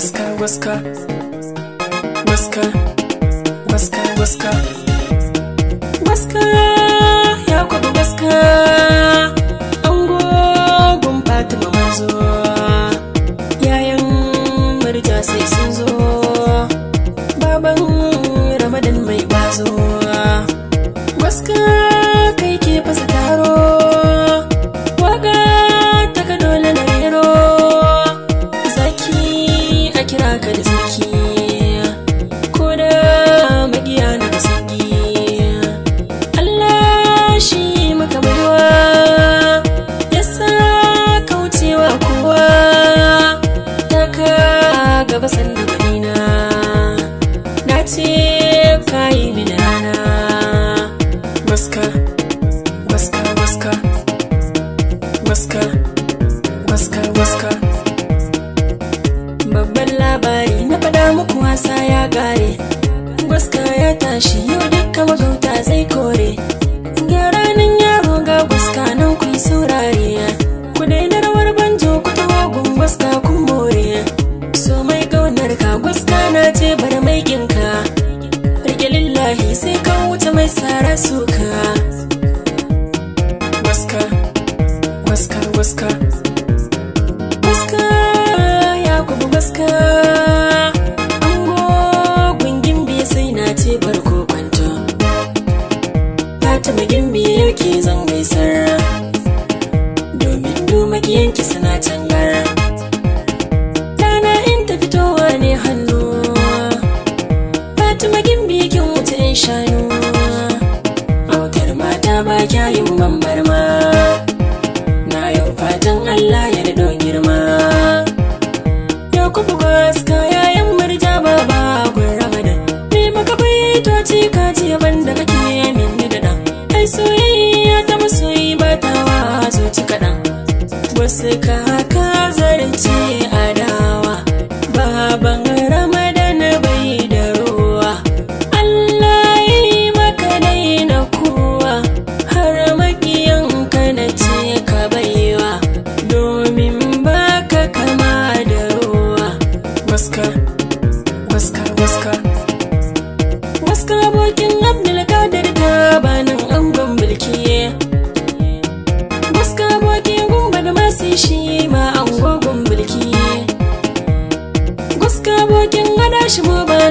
waska waska waska waska waska waska ya kwabi waska ango gogon fatima mazo yayan marja sai sun zo baban ramadan mai bazo waska ka sanda kaina na ce ka yi mini rana waska waska waska waska waska babban labari na faɗa muku wasa ya gare waska ya tashi yau da yara suka waska waska waska ba kyayin bambar ma na yau fatan Allah ya daɗo girma ya kufu gaska yayan murja baba kun ramadan me maka bai to ci ka ci ban da kake min ni daɗa ai soyayya ta musu ba ta wa so ci kaɗan wasu ka sarkin abdulkadar ta banin angon mulki buska boki gumbar masu shi ma bilki mulki guska bokin gada shi mu